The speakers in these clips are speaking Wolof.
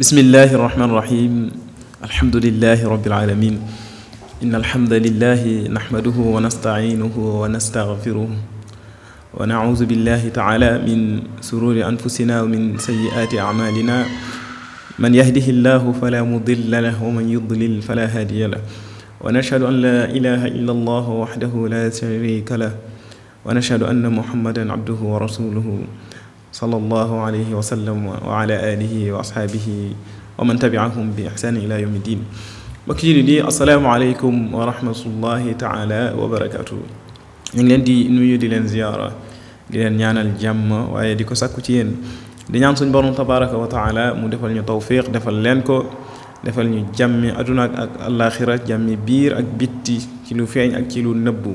بسم الله الرحمن الرحيم الحمد لله رب العالمين إن الحمد لله نحمده ونستعينه ونستغفره ونعوذ بالله تعالى من سرور أنفسنا ومن سيئات أعمالنا من يهده الله فلا مضل له ومن يضلل فلا هادي له ونشهد أن لا إله إلا الله وحده لا شريك له ونشهد أن محمدا عبده ورسوله صلى الله عليه وسلم وعلى آله وأصحابه ومن تبعهم بإحسان إلى يوم الدين mbokk yi di assalaamu aleykum wa rahmatullahi taala wa barakaatu ñu ngi leen di nuyu di leen ziyaara di leen ñaanal jàmm waaye di ko sàkku ci yéen di ñaan suñ borom tabaraka wa taala mu defal ñu tawfiq defal leen ko defal ñu jàmmi aduna ak alaxira jàmmi biir ak bitti ci lu feeñ ak ci lu nëbbu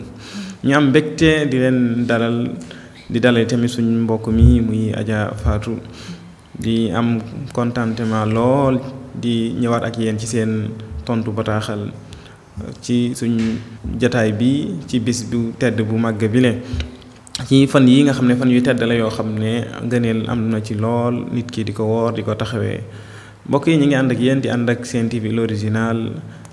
ñu am mbégte di leen dalal di dalee tamit suñ mbokk mi muy Adja Fatou di am contentement lool di ñëwaat ak yéen ci seen tontu bataaxal ci suñ jataay bi ci bis bu tedd bu màgg bi le ci fan yi nga xam ne fan yu tedd la yoo xam ne ngëneel am na ci lool nit ki di ko woor di ko taxawee mbokk yi ñu ngi ànd ak yéen di ànd ak seen TV l'original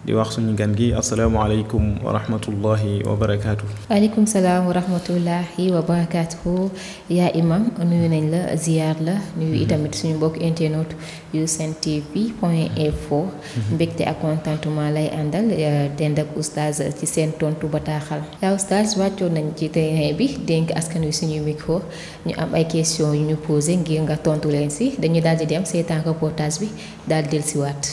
di wax suñu gan gi asalaamaaleykum wa rahmatullahi wa barakaatu. waaleykum salam wa rahmatullahi wa barakatuh ya imam nuyu nañ la ziar la nuyu itamit suñu mbokk internet yu sen tv point info. mbégte ak contentement lay àndal dend ak oustaz ci seen tontu bataaxal. yaa oustaz wàccoon nañ ci terrain bi dénk askan wi suñuy micro ñu am ay questions yu ñu posé ngir nga tontu leen si dañu daal di dem seetaan reportage bi daal dellusiwaat.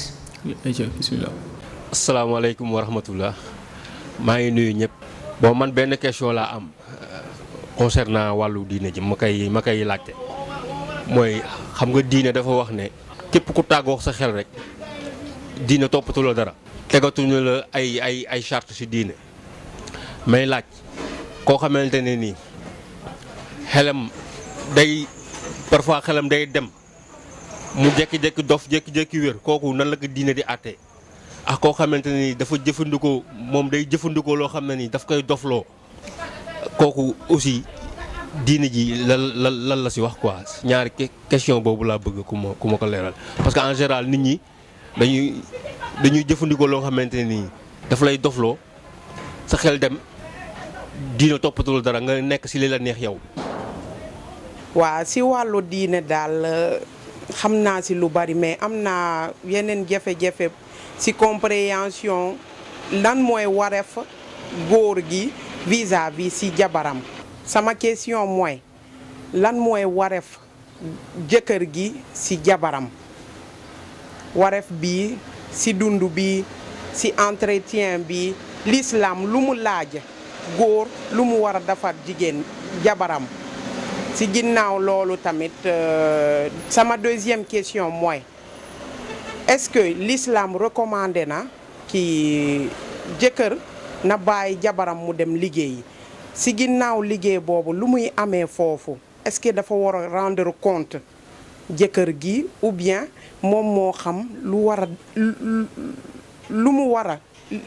ayca bisimilah. Assalamualaikum warahmatullah. may nuyu ñep bo man ben question la am euh, concernant walu diine ji makay makay laccé moy xam nga diine dafa wax ne képp ku tàggoo sa xel rek diine topatu lo dara ñu la ay ay ay charte ci diine may lacc ko xamante ni xelam day parfois xelam day dem mu jékki-jékki dof jékki-jékki wër koku nan la ko diine di até ak ah, ko xamanteni dafa jëfëndiko mom day jëfëndiko lo xamanteni ni daf koy doflo koku aussi diine ji lan la la ci wax quoi ñaar question bobu la bëgg kuma kuma ko leral parce que en général nit ñi dañuy dañuy jëfëndiko lo xamanteni daf lay doflo sa xel dem diina topatul dara nga nekk ci lila neex yow. wa si walu diine dal euh, xamna ci si lu bari mais amna yenen jafé jafé Si compréhension lan moy waref góor gi vis-à-vis ci jabaram sama question moi. lan moy waref jëkkër gi ci jabaram waref bi ci dundu bi ci entretien bi l'islam lumu mu laaj góor C'est mu war jabaram ci tamit euh, sama deuxième question moi est-ce que l'islam recommandé na ki na baye jabaram mu dem liguey si ginnaw liguey bobu lu muy amee est-ce que dafa wara rendre compte jëkkër gi ou bien mom mo xam lu wara a lu mu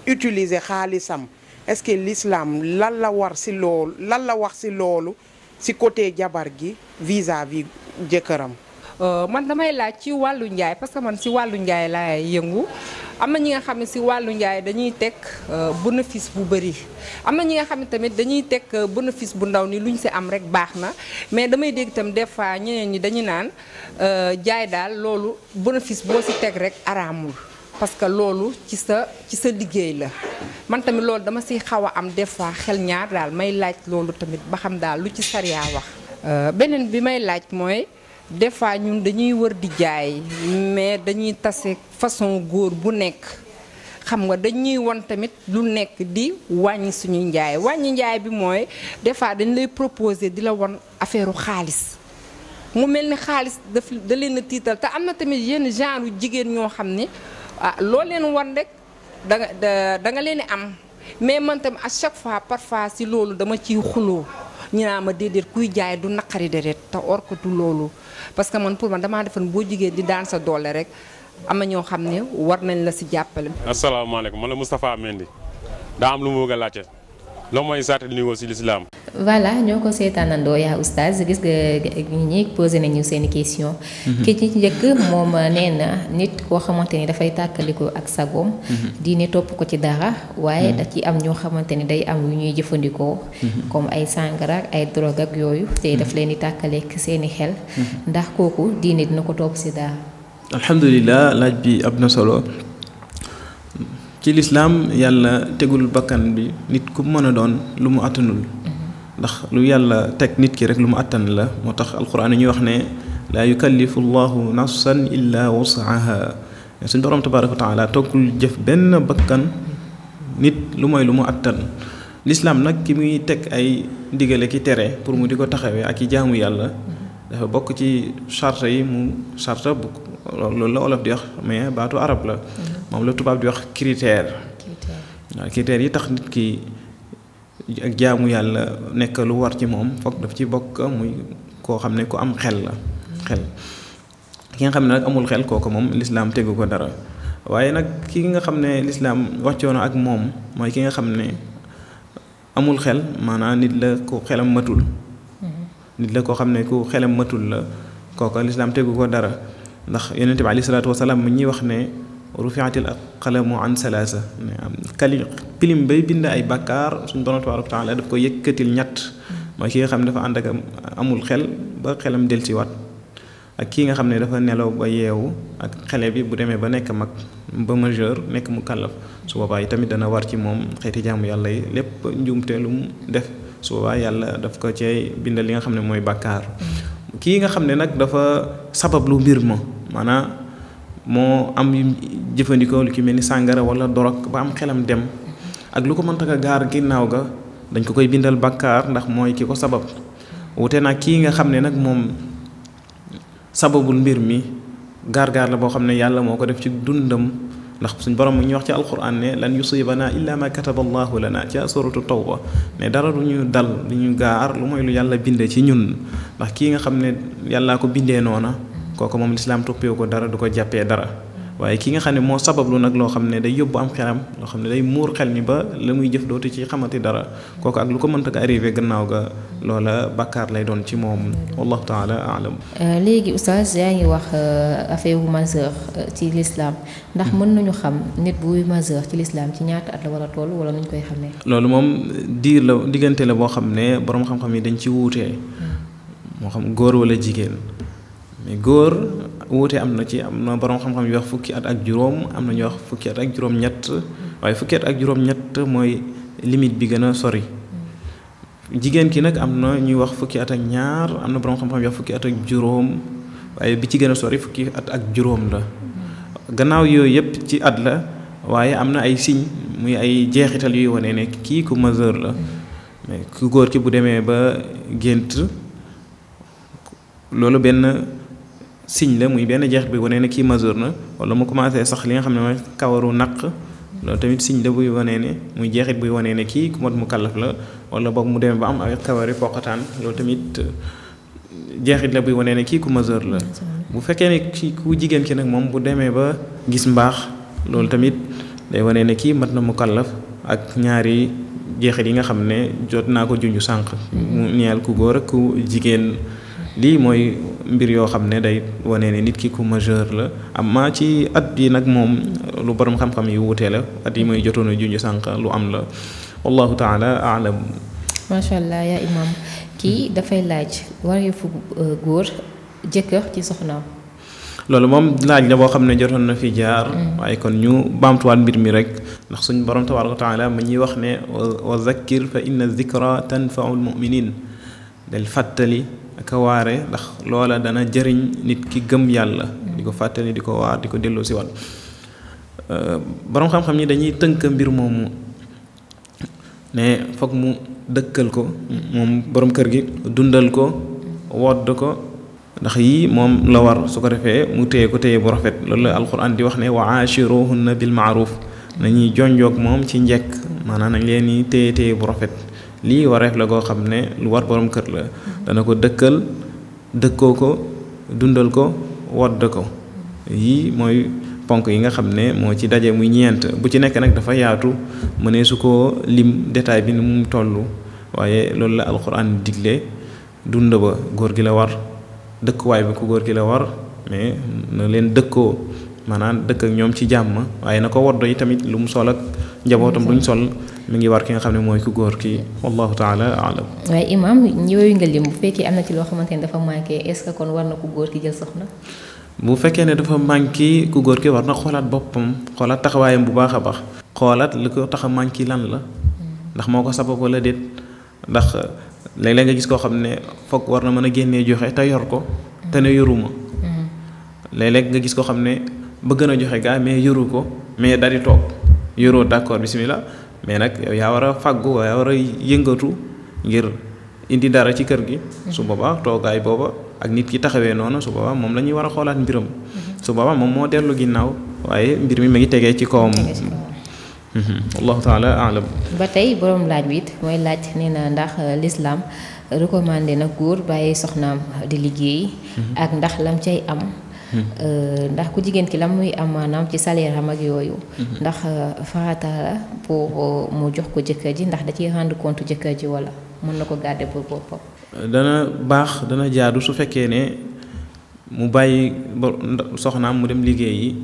utiliser khalisam est-ce que l'islam lan la war si l'ol lan la wax si lolou si côté jabar gi vis-à-vis Euh, man damay laaj ci wàllu njaay parce que man si wàllu njaay laay yëngu am na ñi nga xam ne si wàllu njaay dañuy teg euh, bénéfice bu bëri am na ñi nga xam ne tamit dañuy teg euh, bénéfice bu ndaw ni lu ñu si am rek baax na mais damay dégg itam des fois ñeneen ñi dañu naan jaay daal loolu bénéfice boo si teg rek araamul parce que loolu ci sa ci sa liggéey la man tamit loolu dama si xaw a am des fois xel ñaar daal may laaj loolu tamit ba xam daal lu ci sariya wax beneen bi may laaj mooy des fois ñun dañuy wër di jaay mais dañuy tase façon góor bu nekk xam nga dañuy won tamit lu nekk di wàññi suñuy njaay wàññi njaay bi mooy des fois dañ lay proposer di la won affaire xaalis mu mel ni xaalis daf da leen tiital te am na tamit yenn genre jigéen ñoo xam ne ah loo leen won rek da nga da nga leen am mais man tam à chaque fois parfois si loolu dama ciy xuloo ñu naa ma déedéet kuy jaay du naqari deret te or ko loolu parce que man pour man damaa defoon boo jigéen di daan sa doole rek am na ñoo xam ne war nañ la si jàppale. asalaamaaleykum man la Moustapha Mendy daa am lu mu bëgg a laajte loolu mooy saatal niveau si lislaam voilà ñoo ko seetaanandoo yaa oustaz gis nga nit ñi posé nañu seen question mhm. ki ci njëkk moom nee na nit koo xamante ni dafay tàkkaliku ak sagoom mhm. diine topp ko ci dara waaye mhm. da ci am ñoo xamante ni day am yu ñuy jëfandikoo comme ay sàngara ay drogue ak yooyu te daf leen di tàkkaleek seeni xel ndax kooku diine dina ko topp si dara alhamdulilah laaj bi am na solo ci l'islam yàlla tegul bakkan bi nit ku meuna don lu mu atanul ndax lu yàlla tek nit ki rek lu mu atan la motax alquran ñu wax ne la yukallifu allah nafsan illa wasaha suñ borom tabaraka wa taala tokul jëf ben bakkan nit lu moy lu mu atan l'islam nak ki muy tek ay digele ki tere pour mu diko taxawé ak i jaamu yàlla dafa bok ci charte yi mu charte bu loolu la olof di wax mais baatu arab la moom la tubaab di wax critère waaw critères yi tax nit ki ak jaamu yàlla nekk lu war ci moom foog daf ci bokk muy koo xam ne ku am xel la xel ki nga xam ne nag amul xel kooku moom lislaam tegu ko dara waaye nag ki nga xam ne lislaam wàccoona ak moom mooy ki nga xam ne amul xel maanaam nit la ku xelam matul nit la koo xam ne ku xelam matul la kooka lislaam tegu ko dara ndax yonente bi alayhi salaatu wasalaam mu ñuy wax ne rufiat al aqlamu an salaasa kali pilim bay bind ay bakkaar suñ borom tabaraka taala daf ko yëkkatil ñett mooy ki nga xam ne dafa ànd ak amul xel ba xelam del ci wat ak kii nga xam ne dafa nelaw ba yeewu ak xele bi bu demee ba nekk mag ba majeur nekk mu kàllaf su boobaa yi tamit dana war ci moom xeeti jaamu yàlla yi lépp njuumte lu mu def su boobaa yàlla daf ko cee bindal li nga xam ne mooy bàkkaar kii nga xam ne nag dafa sabab lu mbir ma maanaam moo am jëfandikoo lu ci mel ni sàngara wala dorog ba am xelam dem ak lu ko mënta ka gaar ginnaaw ga dañ ko koy bindal bàkkaar ndax mooy ki ko sabab wute nag kii nga xam ne nag moom sababul mbir mi gaar-gaar la boo xam ne yàlla moo ko def ci dundam ndax suñ borom mu ñu wax ci alquran ne lan yusibana illa ma kataba allahu lana ca suratu tawba ne dara lu ñu dal lu ñu gaar lu mooy lu yàlla binde ci ñun ndax kii nga xam ne yàllaa ko bindee noona kooku moom lislaam toppewu ko dara du ko jàppee dara waaye ki nga xam ne moo sabablu nag loo xam ne day yóbbu am xelam loo xam ne day muur xel mi ba la muy jëf dootu ci xamati dara kooku ak lu ko mënta ko arrivé gannaaw ga loola bàkkaar lay doon ci moom wallahu taala alam euh, léegi oustaz yaa ngi wax euh, affaire bu majeur euh, ci lislaam ndax mën nañu xam nit buy majeur ci lislaam ci ñaata at la war a toll wala nuñ koy xamee loolu moom diir la diggante la boo xam ne boroom xam yi dañ ci wuutee hmm. moo xam góor wala jigéen mais góor wuute am na ci am na borom xam-xam yu wax fukki at ak juróom am na wax fukki at ak ñett waaye fukki at ak juróom-ñett mooy limite bi gën a sori jigéen ki nag am na ñuy wax fukki at ak ñaar am na borom xam fukki at ak juróom waaye bi ci gën a sori fukki at ak juróom la gannaaw yooyu yëpp ci at la waaye am na ay signe muy ay jeexital yuy wane nekk kii ku majeur la ku góor ki bu demee ba gént loolu benn. signe la muy benn jeex bi wane ne kii majeur na wala mu commencé sax li nga xam ne mooy kawaru naq loolu tamit siñ la buy wane ne muy jeexit buy wane ne kii ku mat mu kallaf la wala boog mu demee ba am ay kawari poqataan loolu tamit euh, jeexit la buy wane kii ku majeur la. bu fekkee ne kii ku jigéen ki nag moom bu demee ba gis mbaax loolu tamit day wane ne kii mat na mu kallaf ak ñaari jeexit yi nga xam ne jot naa ko junj sànq. mu ñeel ku góor ak ku jigéen. lii mooy mbir yoo xam ne day wane ne nit ki ku majeur la amma ci at bi nag moom lu borom xam-xam yi wutee la at yi mooy jotoon a junj sànq lu am la wallahu taala alam macha allah yaa imam kii dafay laaj wareefu góor jëkkër ci soxnaam loolu moom laaj la boo xam ne jotoon na fi jaar waaye kon ñu baamtuwaat mbir mi rek ndax suñ borom tabaraka taala mu ñuy wax ne wa zakkir fa inna zikra tanfaul muminin del fàttali ak waare ndax loola dana jëriñ nit ki gëm yàlla di ko fàttali di ko waar di ko delloo si waat euh, boroom xam-xam ñi dañuy tënk mbir moomu ne foog mu dëkkal ko moom boroom kër gi dundal ko wodd ko ndax yii moom la war su ko defee mu téye ko téye bu rafet loolu la alxuraan di wax ne wa na bil maaruf nañuy jonjook moom ci njekk maanaam nañ leen di téye téye bu rafet li waref la go xamne lu war borom keur la dana ko dekkal dëkkoo ko dundal ko wodd ko yi moy ponk yi nga xamne mo ci dajje muy ñent bu ci nek nak dafa yaatu mene su lim detail bi mu tollu waye loolu la alquran digle dund ba gor gi la war way bi ko gor gi la war mais na len dekkoo manan dekk ak ñom ci jamm waye na ko itamit lu mu sol njabootam duñ sol mi ngi war ki nga xam ne mooy ku góor ki wallahu taala alam waaye imam yooyu nga lim bu fekkee am na ci loo xamante ne dafa manqué est ce que kon war na ku góor ki jël soxna bu fekkee ne dafa manqué ku góor ki war na xoolaat boppam xoolaat taxawaayam bu baax a baax xoolaat li ko tax a manqué lan la ndax moo ko sabab wala déet ndax léeg-léeg nga gis koo xam ne foog war na mën a génnee joxe te yor ko te ne yoruma mm-hmm. léeg-léeg nga gis koo xam ne bëgg na joxe gaa mais yoru ko mais dari toog yoro d'accord bismillah mais nak yow yaa war a fàggu yaa ngir indi dara ci kër gi su Baba toogaay booba ak nit ki taxawé noonu su Baba mom lañuy wara war mbirum su Baba mom mo delu ginnaw waye mbir mi ma ngi tégué ci kawam mhm. Allah taala alam batay borom laaj bi moy laaj nee ndax euh, l'islam recommandé na góor baye soxnam di liggéey mhm. ak ndax lam cey am Euh, ndax ku jigéen ki la muy am ci salaire am yooyu. Mhm. ndax euh, farata la pour euh, mu jox ko jëkkër ji ndax da ciy rendre compte jëkkër ji wala mën na ko garder pour boppam. dana baax dana jaadu su fekkee ne mu bàyyi soxnaam mu dem liggéeyi yi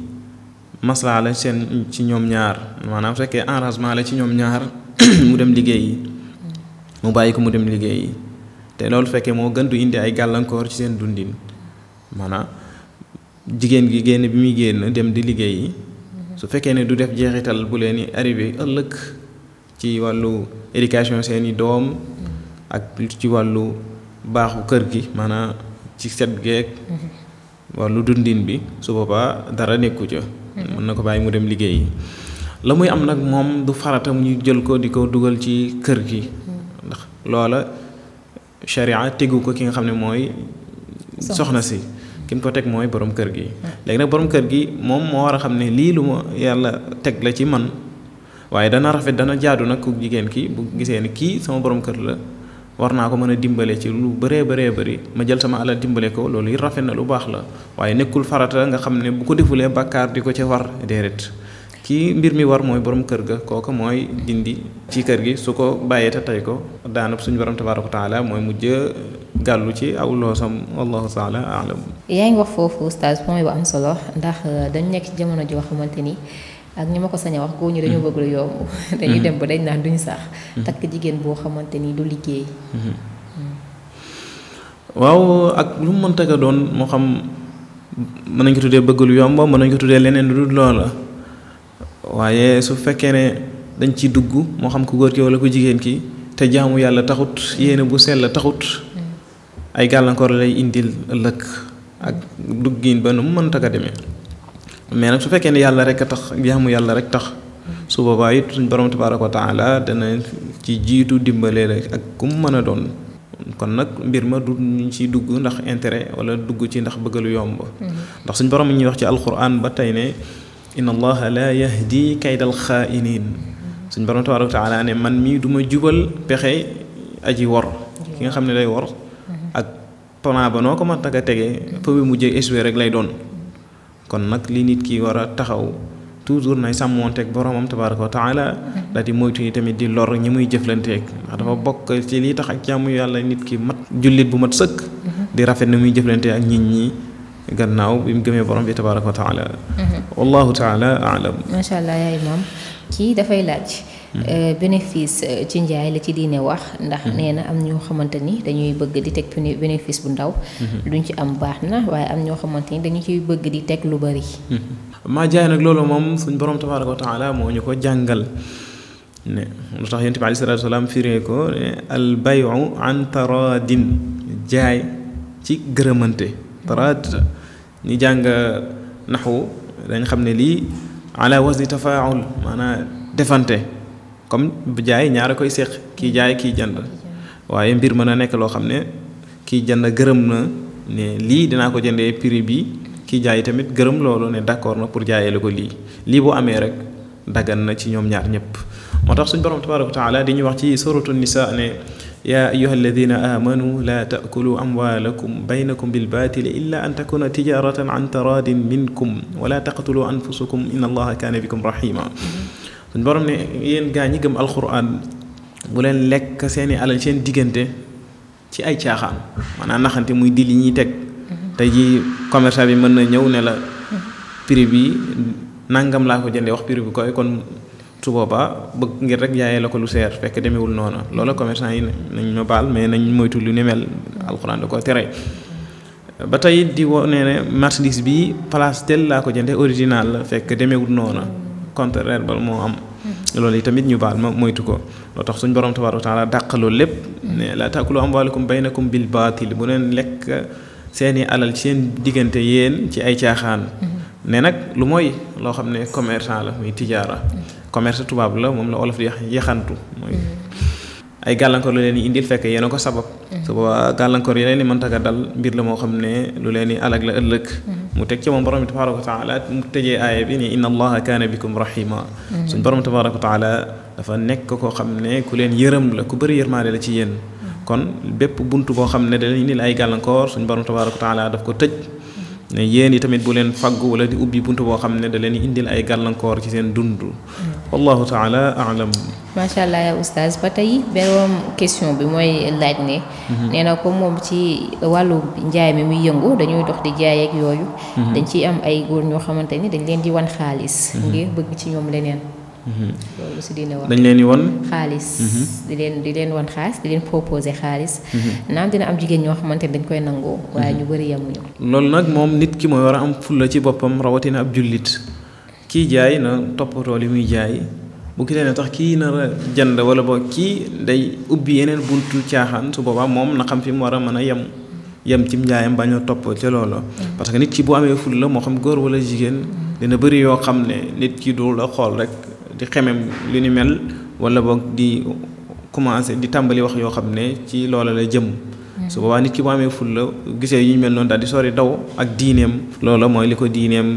maslaa la seen ci ñoom ñaar maanaam su fekkee arrangement la ci ñoom ñaar mu dem liggéey mm. mu bàyyi ko mu dem liggéey te loolu fekkee moo gën du indi ay gàllankoor ci seen dundin maanaam. jigéen gi génn bi muy génn dem di liggéey yi su fekkee ne du def jeexital bu leen arrivé ëllëg ci wàllu éducation seeni doom ak ci wàllu baaxu kër gi maanaam ci set geeg wàllu dundin bi su boobaa dara nekku ca mën na ko bàyyi mu dem liggéey yi la muy am nag moom du farata mu ñu jël ko di ko dugal ci kër gi ndax loola sharia tegu ko ki nga xam ne mooy soxna si kim ko tek mooy borom kër gi léegi nak borom kër gi mom mo wara li ne lu tek la ci man waye dana rafet dana jaadu nak ku jigen ki bu gisee ni ki sama borom kër la warna ko mën dimbalé ci lu béré béré béré ma jël sama ala dimbalé ko lolou yi rafet na lu bax la waye nekul farata nga xam ne bu ko defulé bakkar di ci war déedéet ki mbir mi war moy borom kër ga koko moy dindi ci kër gi suko baye ta tay ko daanab suñu borom tabaraka taala mooy mujj gàllu ci aw lo sam wallahu taala alam yaay nga fofu foofu moy wa am solo ndax euh, dañ nek ci jamono joo xamante ni ak ñima ko sañ wax góor ñi dañoo bëgg lu yoom mm-hmm. dañu dem ba mm-hmm. dañ naan duñ sax mm-hmm. tak jigen bo xamanteni du liggéey waaw ak lu mën ta ga doon mo xam mën nañ ko tuddé bëgg lu yomb mën nañ ko tuddé leneen lu dul loola waaye su fekkee ne dañ ciy dugg moo xam ku góor ki wala ku jigéen ki te jaamu yàlla taxut yéene bu sell taxut mm. ay gàllankoor lay indil ëllëg ak duggiin ba nu mu mënta ka demee mais nag su fekkee ne yàlla rek a tax jaamu yàlla rek tax su boobaa it suñ borom tabaaraka wa taala dana ci jiitu dimbalee la ak ku mu mën a doon kon nag mbir ma du ñu ciy dugg ndax intérêt wala dugg ci ndax bëggalu lu yomb mm-hmm. ndax suñ borom ñu wax ci alquran ba tey ne ان الله لا يهدي كيد الخائنين سن برنت وارو تعالى ان من مي دوما جوبل بخي اجي وور كيغا خامني لاي وور اك بونا بانو كوما تاغا تيغي فوي موجي اسوي رك لاي دون كون نك لي نيت كي ورا تاخاو توجور ناي سامونتك بروموم تبارك وتعالى دادي مويتو ني تامي دي لور ني موي جيفلنتك دا فا بوك سي لي تاخ اك جامو يالا نيت كي مات جوليت بو مات سك دي رافين ني موي جيفلنتك اك نيت ني غناو بيم گمي بروم بي تبارك وتعالى mm -hmm. والله تعالى اعلم ما شاء الله يا امام كي دا فاي لاج بينيفيس تي نجاي لا تي دينا واخ ناخ نينا ام نيو خمانتني دا نيو بيغ دي تك بينيفيس بو نداو لونج ام باخنا واي ام نيو خمانتني دا نيو تي بيغ دي تك لو بري ما جاي نك لولو موم سن بروم تبارك وتعالى مو نيو جانغال ني لوتاخ ينتبي عليه الصلاه والسلام فيري كو البيع عن تراد جاي تي غرمانتي تراد ني جانغ نحو dañ xam ne lii ala wasni tafaul maanaam defante comme bu jaay ñaara koy séq kii jaay kii jënd waaye mbir mën a nekk loo xam ne kii jënd gërëm na ne lii dinaa ko jënde piri bi kii jaay tamit gërëm loolu ne d'accord na pour jaayee la ko lii lii bu amee rek daggan na ci ñoom ñaar ñëpp moo tax suñ borom tabaraka wa di ñu wax ci suratu nisa ne يا أيها الذين آمنوا لا تأكلوا أموالكم بينكم بالباطل إلا أن تكون تجارة عن تراد منكم ولا تقتلوا أنفسكم إن الله كان بكم رحيما نبرم ين غاني غم القرآن بولن لك سيني على شين ديغنت تي أي تياخان مانا نخانتي موي ديلي ني تك تاجي كوميرسان بي مانا نيو نلا بريبي نانغام لاكو جاندي واخ بريبي كوي كون su boba bëgg ngir rek jaayee la ko lu seer fekk demewul noonu loolu commerçant yi nañ ma baal mais nañ moytu lu ne mel alcorane da ko tere ba tay di wone ne marchandise bi place tel la ko jënde original la fekk demewul noonu contraire ba mo am loolu tamit ñu baal ma moytu ko lo tax suñu borom tabaaraka taala dakk lool lépp ne la taqulu amwalakum baynakum bil batil bu leen lek seeni alal seen digënté yéen ci ay tiaxaan ne nak lu moy lo xamné commerçant la muy tijaara commerce tubaab la moom la olof di yaxantu mooy ay gàllankoor lu leen di indil fekk yéen a ko sabab su boobaa gàllankoor yeneen ni mënta dal mbir la moo xam ne lu leen di alag la ëllëg mu teg ci moom borom bi tabaraka wa taala mu tëjee aaya bi ni inna allaha kaana bikum rahima suñ borom tabaraka wa taala dafa nekk koo xam ne ku leen yërëm la ku bëri yërmaale la ci yéen kon bépp bunt boo xam ne da leen indil ay gàllankoor suñ borom tabaraka wa taala daf ko tëj ne yéen yi tamit bu leen faggu wala di ubbi bunt boo xam ne da leen indil ay gàllankoor ci seen dund والله تعالى أعلم ما شاء الله يا أستاذ باتاي بيروم كيسيون بي موي لاج ني نينا كو موم تي والو نجاي مي مي يونغو دانيو دوخ دي جاي اك يويو دان سي ام اي غور ньо خامتاني دان لين دي وان خالص نغي بغي تي نيوم لينين دان لين وان خالص دي لين دي لين وان خالص دي لين بروبوزي خالص نام دينا ام جيجين ньо خامتاني دان كوي نانغو واي ني بري يامو لول ناك موم نيت كي موي ورا ام فولا تي بوبام رواتينا اب جوليت kii jaay na toppatoo li muy jaay bu gisee ne tax kii nar a jënd wala boog kii day ubbi yeneen buntu caaxaan su boobaa moom na xam fi mu war a mën a yem yem cim njaayam bañoo topp ca loola. parce que nit ki bu amee ful la moo xam góor wala jigéen dina bëri yoo xam ne nit ki du la xool rek di xemem li mel wala boog di commencé di tàmbali wax yoo xam ne ci loola la jëm. su boobaa gisee yu ñu mel noonu daal di sori daw ak diineem. loola mooy li ko diineem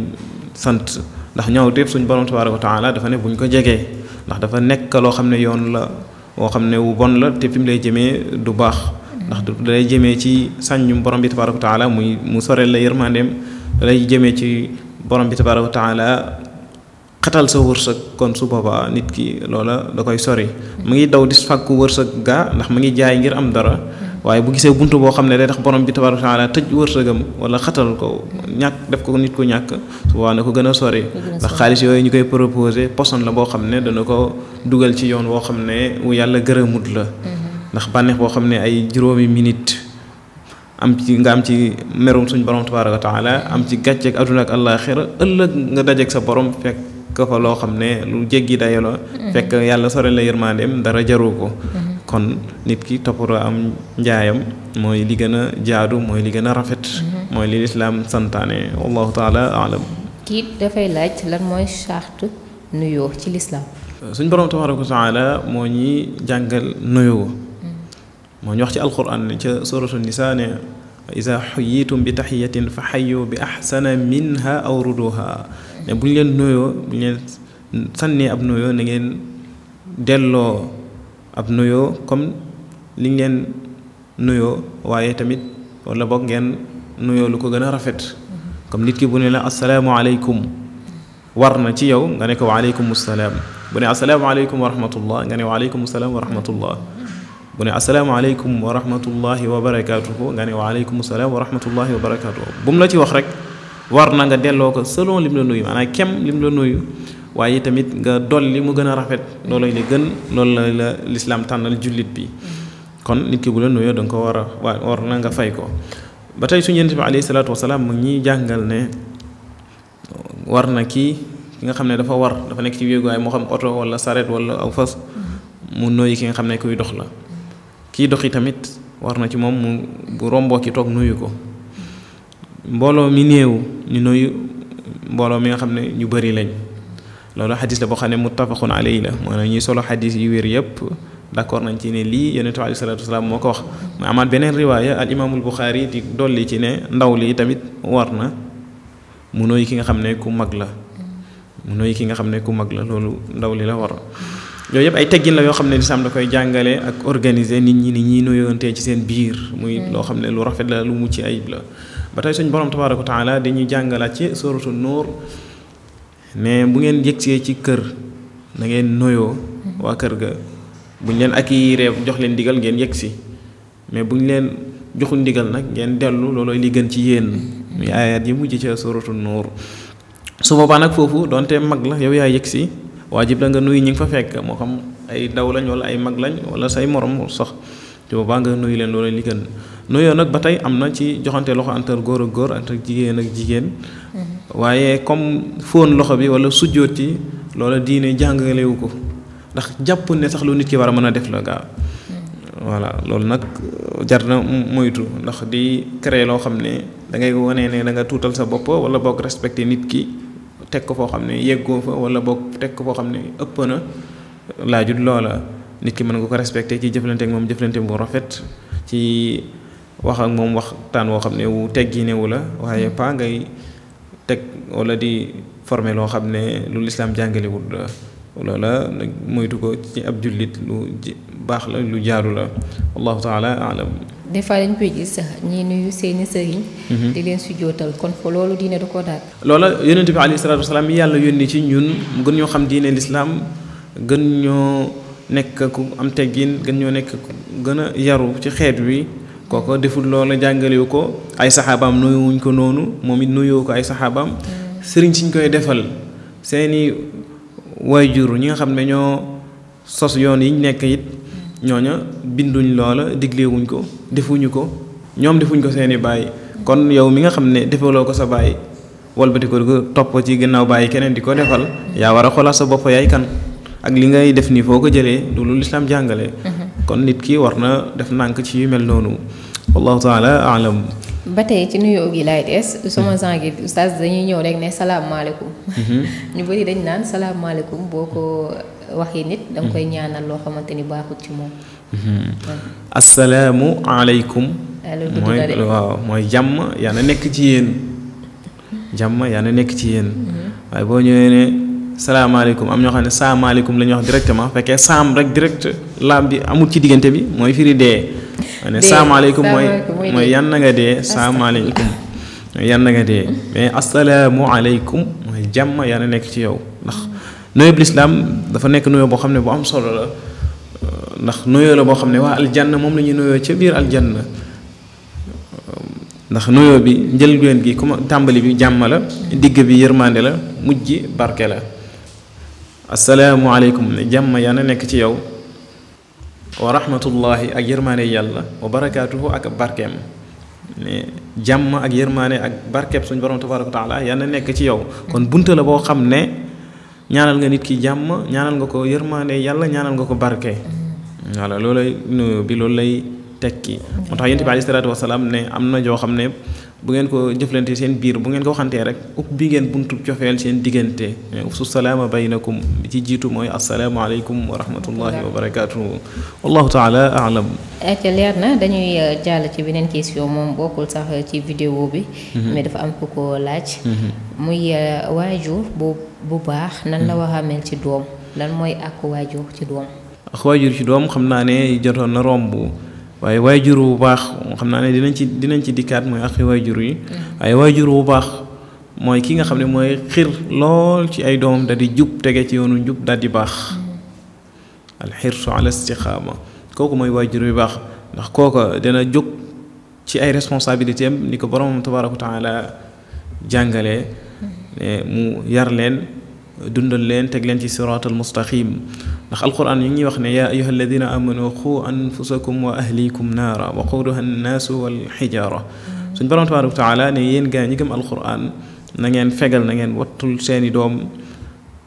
sant. ndax ñaawteef suñu borom tabaaraka wa taala dafa ne buñ ko jegee ndax dafa nekk loo xam ne yoon la woo xam ne wu bon la te fi lay jëmee du baax ndax dalay jëmee ci sànñum borom bi tabaaraka wa taala muy mu soreel la yërmandeem dalay jëmee ci borom bi tabaaraka wa taala xatal sa wërsëg kon su boobaa nit ki loola da koy sori mu ngi daw di fàkku wërsëg gaa ndax mu ngi jaay ngir am dara waaye bu gisee bunt boo xam ne day tax borom bi tabaaraka taala tëj wërsëgam wala xatal ko ñàkk def ko nit ku ñàkk su boobaa ko gën a sori ndax xaalis yooyu ñu koy proposé poson la boo xam ne dana ko dugal ci yoon woo xam ne wu yàlla gërëmut la mm-hmm. ndax bànneex boo xam ne ay juróomi minute am ci nga ci merum suñ borom tabaaraka taala am ci gàcceeg àdduna ak àllaaxira ëllëg nga dajeeg sa borom fekk ko loo xam ne lu jéggi dayo la mm-hmm. fekk yàlla sore la yërmandeem dara jaru ko mm-hmm. kon nit ki toppatoo am njaayam mooy li gën a jaadu mooy li gën a rafet mhm. mooy li lislaam santaane wallahu taala alam kii dafay laaj lan mooy charte nuyoo ci lislaam suñ borom tabaraka wa moo ñi jàngal nuyoo mhm. moo ñu wax ci alquran ne ca suratu nisa ne isa xuyitum bi taxiyatin fa xayu bi axsana minha aw ruduha ne bu ñu leen nuyoo bu ñu leen sànnee ab nuyoo na delloo ab nuyoo comme li ngeen nuyoo waaye tamit wala boog ngeen nuyoo lu ko gën a rafet comme nit ki bu ne la asalaamaaleykum war na ci yow nga ne ko waaleykum salaam bu ne asalaamaaleykum wa rahmatullah nga ne waaleykum salaam wa rahmatullah bu ne asalaamaaleykum wa rahmatullahi wa barakaatuhu nga ne waaleykum salaam wa rahmatullahi wa barakaatuhu bu mu la ci wax rek war na nga delloo ko selon lim la nuyu maanaam kem lim la nuyu waye tamit nga dolli mu gëna rafet lolay li gën lolay la l'islam tanal julit bi kon nit ki bu la nuyoo dang ko wara war na nga fay ko batay suñu nabi alayhi salaatu mu ñi jangal ne war na ki nga xamne dafa war dafa nek ci wéeguwaay mo xam auto wala saret wala aw fas mu nuyu ki nga xamne ne kuy dox la ki doxi tamit war na ci mom mu bu rombo ki tok nuyu ko mbolo mi neew ni nuyu mbolo mi nga xamne ñu bari lañ loolu xadis la boo xam ne muttafaqun alayhi la maanaam ñuy solo xadis yu wér yëpp d' accord nañ ci ne lii yonent bi aleyhi salaatu wasalaam moo ko wax mu amaat beneen riwaaya al imaamul buxaari di dolli ci ne ndaw lii tamit war na mu nooy ki nga xam ne ku mag la mu nooy ki nga xam ne ku mag la loolu ndaw li la war yooyu yëpp ay teggin la yoo xam ne lislaam da koy jàngale ak organiser nit ñi ni ñuy nuyontee ci seen biir muy loo xam ne lu rafet la lu mucc ayib la ba tey suñ borom tabaaraka wa taala dañuy jàngalaat ci sóoratu nuur mais bu ngeen yëgsee ci kër na ngeen noyoo waa kër ga buñ leen ak yi reew jox leen ndigal ngeen yëg si mais buñ leen joxu ndigal nag ngeen dellu loolooy li gën ci yéen muy aayaat yi mujj ca suratu nuur su boobaa nag foofu donte mag la yow yaa yëg si waajib la nga nuyu ñi nga fa fekk moo xam ay ndaw lañ wala ay mag lañ wala say morom sax su boobaa nga nuyu leen loolooy li gën nuyoo nag ba tey am na ci joxante loxo antar góor ak góor antar jigéen ak jigéen waaye comme foon loxo bi wala sujjóot yi loola diine jàngalewu ko ndax jàpp ne sax lu nit ki war a mën a def la gaaw voilà loolu nag uh, jar na moytu ndax di créer loo xam ne da ngay wane ne da nga tuutal sa bopp wala boog respecté nit ki teg ko foo xam ne yeggoo fa wala boog teg ko foo xam ne ëpp na laajut loola nit ki mën nga ko respecté ci jëflante ak moom jëflante bu rafet ci wax ak moom waxtaan woo xam ne wu tegginewu la waaye mm. pa ngay. teg wala di former loo xam ne lu lislaam jàngalewul la loola moytu ko ci ab jullit lu baax la lu jaaru la allahu taala alam des fois dañ koy gis ñi nuyu seeni sëriñ mhm. di leen si jootal kon fa loolu diine du ko daal loola yonent bi alayhi salaatu wasalaam yàlla yónni ci ñun gën ñoo xam diine lislaam gën ñoo nekk ku am teggin gën ñoo nekk gën a yaru ci xeet wi koko deful loola jàngalewu ko ay saxaabaam nuyuwuñ ko noonu moom it nuyoo ko ay saxaabaam sëriñ siñ koy defal seeni wayjur ñi nga xam ne ñoo sos yoon yiñ nekk it ñooña binduñ loola diglewuñ ko defuñu ko ñoom defuñ ko seeni bàyyi kon yow mi nga xam ne defaloo ko sa bàyyi walbati ko topp ci ginnaaw bàyyi keneen di ko defal yaa war a xoolaat sa bopp yaay kan ak li ngay def ni foo ko jëlee du lu lislaam jàngale kon nit kii war na def nànk ci yu mel noonu wallahu taala alam ba tey ci nuyoo gi lay des suma sang gi oustaz dañuy ñëw rek ne salaamaaleykum mhm. ñu bëri dañ naan salaamaaleykum boo ko waxee nit danga koy ñaanal loo xamante ni baaxut ci moom mhm. assalaamu aleykum mooy waaw mooy jàmm yaa na nekk ci yéen jàmm yaa na nekk ci yéen mhm. waaye boo ñëwee ne salaam aleykum am ñoo xam ne aleykum la ñuy wax directement bu fekkee saam rek direct laam bi amul ci diggante bi mooy firi dee. dee aleykum mooy mooy yan na nga dee aleykum yan na nga dee mais assalaamu aleykum mooy jàmm yaa nekk ci yow ndax nuyoo bu lislaam dafa nekk nuyoo boo xam ne bu am solo la ndax nuyoo la boo xam ne waa aljanna moom la ñuy nuyoo ca biir aljanna ndax nuyoo bi njëlbeen gi comme tàmbali bi jàmm la digg bi yërmande la mujj barke la. asalaamualeykum ne jàmm yaa na nekk ci yow wa rahmatullahi ak yërmaane yàlla wa barakaatuhu ak barkeem ne jàmm ak yërmaane ak barkeem suñu borom tabaraka wa yaa na nekk ci yow kon bunta la boo xam ne ñaanal nga nit ki jàmm ñaanal nga ko yërmaane yàlla ñaanal nga ko barke voilà loolu lay nuyu bi loolu lay tekki moo tax yonent bi alayhi salaatu wasalaam ne am na joo xam ne bu ngeen ko jëflante seen biir bu ngeen ko waxantee rek bi ngeen buntu cofeel seen diggante usu salaama baynakum bi ci jiitu mooy asalaamaaleykum wa rahmatullahi wa barakaatuhu wallahu taala alam leer na dañuy euh, jàll ci beneen question moom bokkul sax ci vidéo bi mm-hmm. am ku ko laaj mm-hmm. muy euh, waajur bu baax nan la mm-hmm. war a ci doom lan mooy ak waajur ci doom ak waajur ci doom xam naa ne jotoon na romb waaye waajur wu baax moo xam naa ne dinañ ci dinañ ci dikkaat mooy ak waajur yi mm-hmm. waaye waajur bu baax mooy ki nga xam ne mooy xiir lool ci ay doomam da di jub tege ci yoonu jub daal di baax mm-hmm. alxirsu ala istixaama kooku mooy waajur bu baax ndax kooko dana jóg ci ay responsabilité ni ko boromam tabaaraka wa taala jàngalee mm-hmm. mu yar leen dundal leen teg leen ci siraatal mustaqim ndax alquran yi ngi wax ne yaa ayuha alladina amanu xu anfusakum wa ahlikum naara wa quduha annaasu wal xijara suñ borom tabaraka taala ne yéen gaa ñi gëm alquran na ngeen fegal na ngeen wattul seeni doom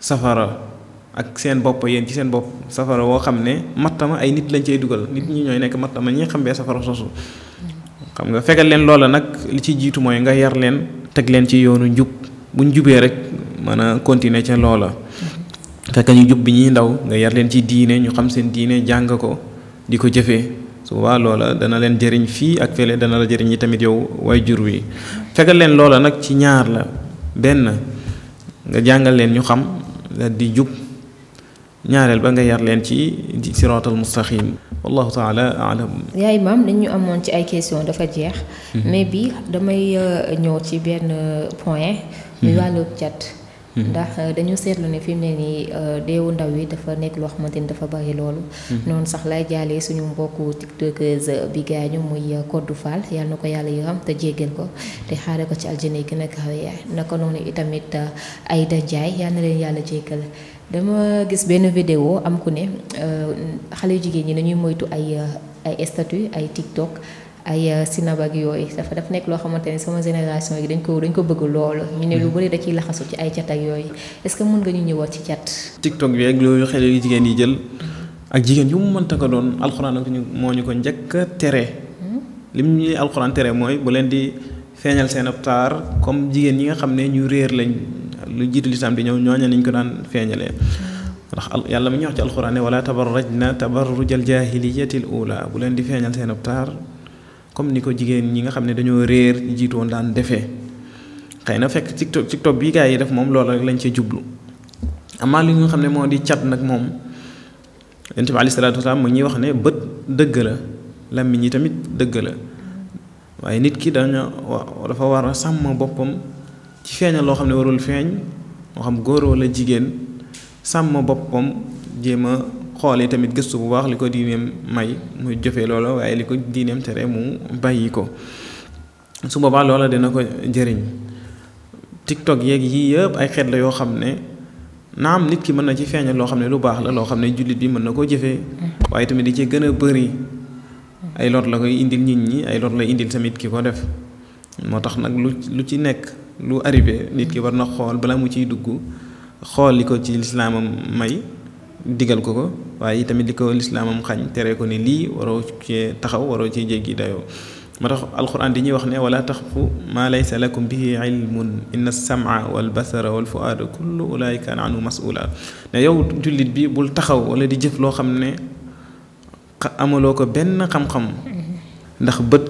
safara ak seen bopp yéen ci seen bopp safara woo xam ne mattama ay nit lañ cay dugal nit ñi ñooy nekk mattama ñi xam bee safara sosu xam nga fegal leen loola nag li ci jiitu mooy nga yar leen teg leen ci yoonu njub buñ jubee rek mën a continuer ca loola fekk ñu jub bi ñuy ndaw nga yar leen ci diine ñu xam seen diine jàng ko di ko jëfee su boobaa loola dana leen jëriñ fii ak fële dana la jëriñ yi tamit yow way jur wi fekkal leen loola nag ci ñaar la benn nga jàngal leen ñu xam di jub ñaareel ba nga yar leen ci siraatal mustaqim wallahu taala alam yaay maam dañu amoon ci ay question dafa jeex mhm. mais bi damay euh, ñëw ci benn euh, point muy mhm. wàllu cat Mm-hmm. ndax euh, dañu seetlu ne fi mu ne nii euh, déwu ndaw yi dafa nekk loo xamante ni dafa bari loolu. Mm-hmm. noonu sax lay jaalee suñu mbokku tiktokeuse euh, bi gaañu muy Codou Fall yàlla na ko yàlla yërëm te jéggal ko te xaare ko ci aljana yi gën a kawe naka noonu itamit Aïda Ndiaye yàlla na leen yàlla jéggal. dama gis benn vidéo am ku ne xale yu jigéen ñi dañuy moytu ay ay statut ay TikTok. ay sinabag yoy dafa daf nek lo xamanteni sama generation yi dañ ko dañ ko bëgg lool ñu ne mm. lu bari da ci laxasu ci ay chat ak yoy eh. est ce que mën nga ñu ñëwaat ci chat tiktok bi ak loolu xel yu jigen yi jël ak jigen yu mu ta ko doon alcorane ak ñu moo ñu ko njëkk téré tere mm. lim ñi alcorane tere moy bu leen di feñal seen ab comme jigen yi nga xamne ne ñu réer lañ lu jiitu lislam di ñëw ñooña ñu ko daan feeñalee ndax yalla mi ñu wax ci alcorane wala tabarrajna tabarrujal jahiliyati ula bu leen di feñal seen ab comme niko jigen, ñi nga xamne ne dañoo réer ñi jiitu daan defé xeyna tiktok tiktok bi gaay yi def Mom loolu rek lañ ci jublu amma li nga xamne ne moo di cat nag moom yonte bi alayhi salaatu wasalaam mu ñuy wax ne beut deug la lam ñi tamit deug la waye nit ki dañu dafa wara sam bopam ci feñ loo xamne warul feñ mo xam góor wala jigen sam bopam jema xoolee tamit gëstu bu waax li ko diineem may muy jëfee loola waaye li ko diineem tere mu bàyyi ko su boobaa loola dina ko jëriñ tiktok yeeg yii yëpp ay xeet la yoo xam ne naam nit ki mën na ci feeñal loo xam ne lu baax la loo xam ne jullit bi mën na koo jëfee mm-hmm. waaye tamit di ci gën a bëri ay loot la koy indil nit ñi ay lot la indil tamit ki ko def moo tax nag lu lu ci nekk lu arrivé nit ki war na xool bala mu ciy dugg xool li ko ci lislaamam may digal ko ko waaye itamit li ko lislaamam xañ tere ko ni li waro ci taxaw waro ci jéggi dayo motax alquran di ñi wax ne wala taxfu ma laysa lakum bihi ilmun inna as-sam'a wal basara wal fu'ada kullu ulaay kaan anhu masula ne yow julit bi bul taxaw wala di jëf lo xamne ne ko ben xam-xam ndax bët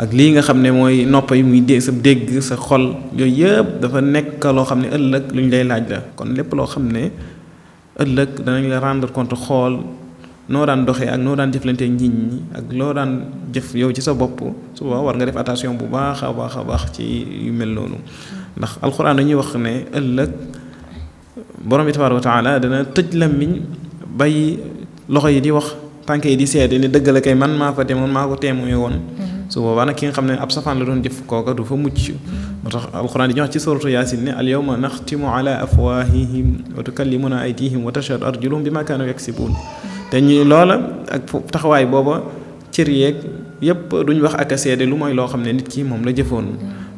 ak li nga xamne moy noppay muy deg sa deg sa xol yoy yeb dafa nek lo xamne ne luñ lay laaj la kon lépp lo xamne ëllëg danañ la rendre compte xool noo daan doxee ak noo daan jëflante nit ñi ak loo daan jëf yow ci sa bopp suba war nga def attention bu baax a baax a baax ci yu mel noonu ndax alxuraan dañuy wax ne ëllëg borom bi tabaaraka wa taala dana tëj làmmiñ bay loxo yi di wax tànk yi di seede ni dëgg la kay man maa fa demoon maa ko témoin woon su boobaa nag ki nga xam ne ab safaan la doon jëf kooka du fa mucc moo tax alquran di wax ci suratu yaasin ne al yawma naxtimu ala afwahihim wa tukallimuna aydihim wa tashhadu arjuluhum bima kaanu yaksibun te ñu loola ak taxawaay booba cër yeeg yépp duñ wax ak a seede lu mooy loo xam ne nit ki moom la jëfoon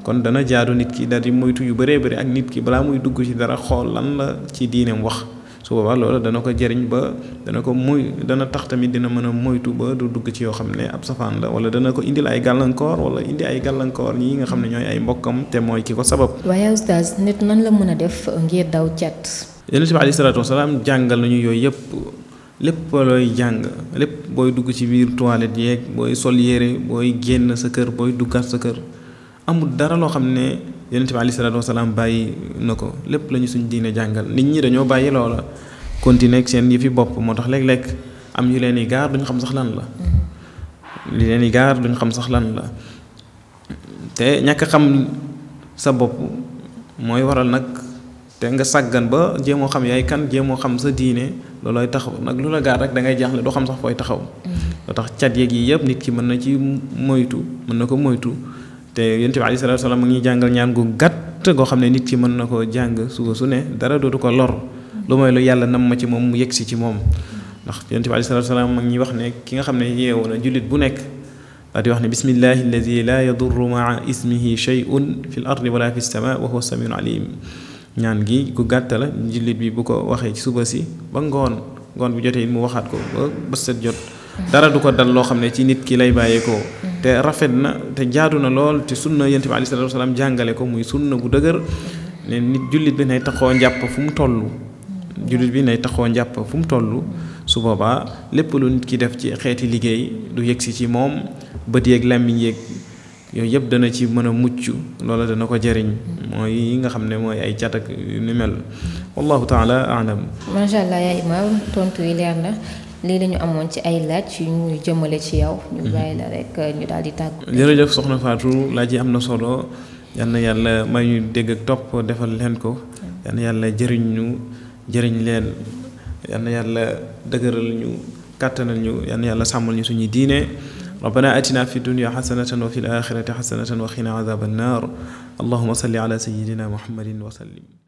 kon dana jaadu nit ki daal di moytu yu bëree bëri ak nit ki balaa muy dugg ci dara xool lan la ci diineem wax su boobaa loola dana ko jariñ ba dana ko muy dana tax tamit dina mën a moytu ba du dugg ci yoo xam ne ab safaan la wala dana ko indil ay gàllankoor wala indi ay gàllankoor ñi nga xam ne ñooy ay mbokkam te mooy ki ko sabab. waaye oustaz nit nan la mën a def ngir daw cat. yonent bi alayhi salaatu wasalaam jàngal nañu yooyu yëpp. lépp looy jàng lépp booy dugg ci biir toilette yeeg booy sol yére booy génn sa kër booy duggaat sa kër amul dara loo xam yonent bi alayhi salatu wasalaam bayyi nako lepp lañu suñu diine jangal nit ñi dañoo bayyi loola continue ak seen yëfi bopp moo tax lek lek am yu leen i gaar duñ xam sax lan la li mm-hmm. leen i gaar duñ xam sax lan la te ñàkk xam sa bopp mooy waral nag te nga saggan ba jéemoo xam yaay kan jéemoo xam sa diine looloy taxaw nag lu la gaar rek da ngay jaaxle doo xam sax fooy taxaw loo mm-hmm. tax cat yeeg yi yëpp nit ki mën na ci moytu mën na ko moytu te yonent bi alayhi salaatu salaam mu ngi jàngal ñaan gu gàtt goo xam ne nit ki mën na koo jàng suba su ne dara dootu ko lor lu mooy lu yàlla nam ma ci moom mu yegsi ci moom ndax yonent bi alayhi salaatu salaam mu ngi wax ne ki nga xam ne yeewoo na jullit bu nekk daa wax ne bismillahi alladi laa yadurru maa ismihi shay'un fi l ardi wala fi sama wa huwa samiun alim ñaan gi gu gàtt la jullit bi bu ko waxee ci suba si ba ngoon ngoon bu jotee mu waxaat ko ba bës set jot dara du ko dal loo xam ne ci nit ki lay bàyyeekoo te rafet na te jaadu na lool te sunna yonent bi aleyhi salaatu wasalaam jàngale ko muy sunna gu dëgër ne nit jullit bi nay taxoo njàpp fu mu toll jullit bi nay taxoo njàpp fu mu toll su boobaa lépp lu nit ki def ci xeeti liggéey du yegsi ci moom bët yeeg làmmiñ yeeg yooyu yëpp dana ci mën a mucc loola dana ko jëriñ mooy yi nga xam ne mooy ay cat ak ni mel wallahu taala alam macha allah yaa imaam tontu leer na li lañu ñu amoon ci ay laaj yu ñu jëmale ci yow. ñu bàyyi la rek ñu daal di tàggu. jërëjëf soxna Fatou laaj yi am na solo yàlla yàlla may ñu dégg ak topp defal leen ko. yàlla yàlla jëriñ ñu jëriñ leen yàlla yàlla dëgëral ñu kàttanal ñu yàlla yàlla sàmmal ñu suñu diine. ربنا اتنا في الدنيا حسنه وفي الاخره حسنه وقنا عذاب النار اللهم صل على سيدنا محمد وسلم